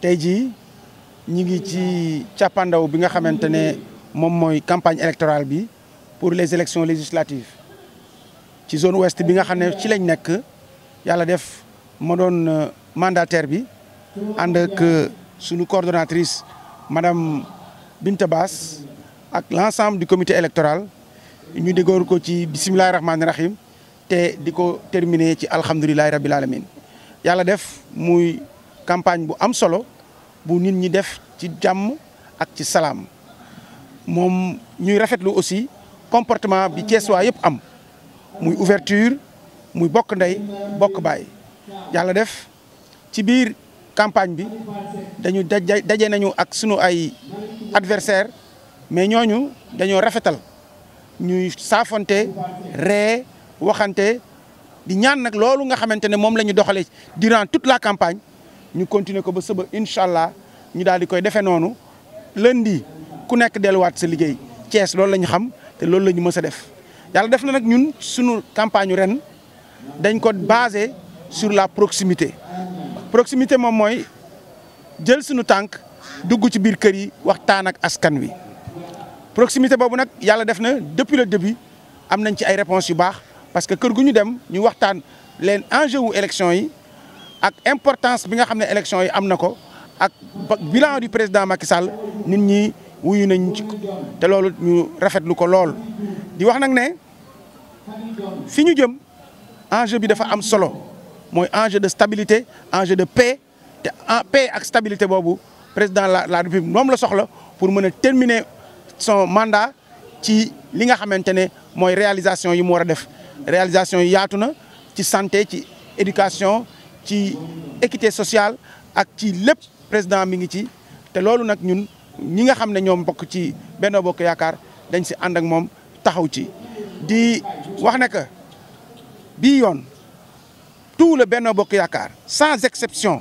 tey jii ñu ngi ci càppandaw bi nga xamante ne moom mooy campagne électorale bi pour les élections législatives ci zone ouest bi nga xam ne ci lañ nekk yàlla def ma doon euh, mandataire bi ànd ak euh, suñu coordonnatrice madame Binta Bass ak l'ensemble du comité électoral ñu dégoor ko ci bisimilah rahmaani rahim. te di ko terminer ci alhamdulilahi rabil alamin yàlla def muy campagne bu am solo bu nit ñi def ci jàmm ak ci salaam moom ñuy rafetlu aussi comportement bi Cees waa yëpp am muy ouverture muy bokk ndey bokk baay yàlla def ci biir campagne bi dañu daje daje nañu ak sunu ay adversaire mais ñooñu dañoo rafetal ñuy saafonte ree waxante di ñaan nag loolu nga xamante ne moom la ñu doxalee durant tout la campagne ñu continuer ko ba suba incha allah ñu daal di koy defee noonu lundi ku nekk delluwaat sa liggéey Thiès loolu la ñu xam te loolu la ñu mës a def. yàlla def na nag ñun suñu campagne ren dañ ko basé sur la proximité proximité moom mooy jël sunu tànk dugg ci biir kër yi waxtaan ak askan wi proximité boobu nag yàlla def na depuis le début am nañ ci ay réponses yu baax. parce que kër gu ñu dem ñu waxtaan leen enjeu wu élection yi ak importance bi nga xam ne élection yi am na ko ak bilan du président Macky Sall nit ñi wuyu nañ ci te loolu ñu rafetlu ko lool. di wax nag ne fi ñu jëm enjeu bi dafa am solo mooy enjeu de stabilité enjeu de paix te en paix ak stabilité boobu président la la République moom la soxla pour mën a terminer son mandat ci li nga xamante ne mooy réalisation yi mu war a def. réalisation yaatu na ci santé ci éducation ci équité sociale ak ci lépp président mi ngi ci te loolu nag ñun ñi nga xam ne ñoom bokk ci Benno Bokk Yaakaar dañ si ànd ak moom taxaw ci di wax ne que bii yoon tout le Benno Bokk Yaakaar sans exception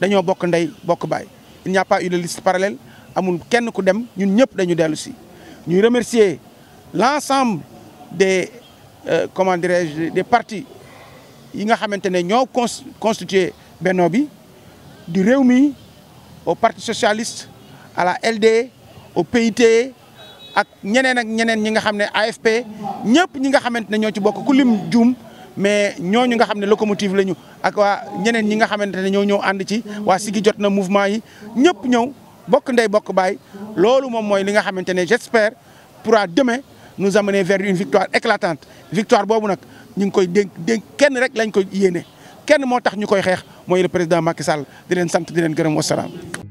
dañoo bokk ndey bokk baay il n'y a pas eu de parallèle amul kenn ku dem ñun ñëpp dañu dellu si remercier l'ensemble des Euh, comment dirais-je des partis yi nga xamante ne ñoo constitué Benno bi réew mi au parti socialiste à la LD au PIT ak ñeneen ak ñeneen ñi nga xam ne AFP ñëpp ñi nga xamante ne ñoo ci bokk ku juum mais ñooñu nga xam ne locomotive lañu ak waa ñeneen ñi nga xamante ne ñoo ñëw ànd ci waa Siggi jot na mouvement yi ñëpp ñëw bokk ndey bokk baay loolu moom mooy li nga xamante ne j'espère pour demain nous amener vers une victoire éclatante victoire boobu nag ñu ngi koy dénk dénk kenn rek lañ koy yéene kenn moo tax ñu koy xeex mooy le président Macky Sall di leen sant di leen gërëm wasalaam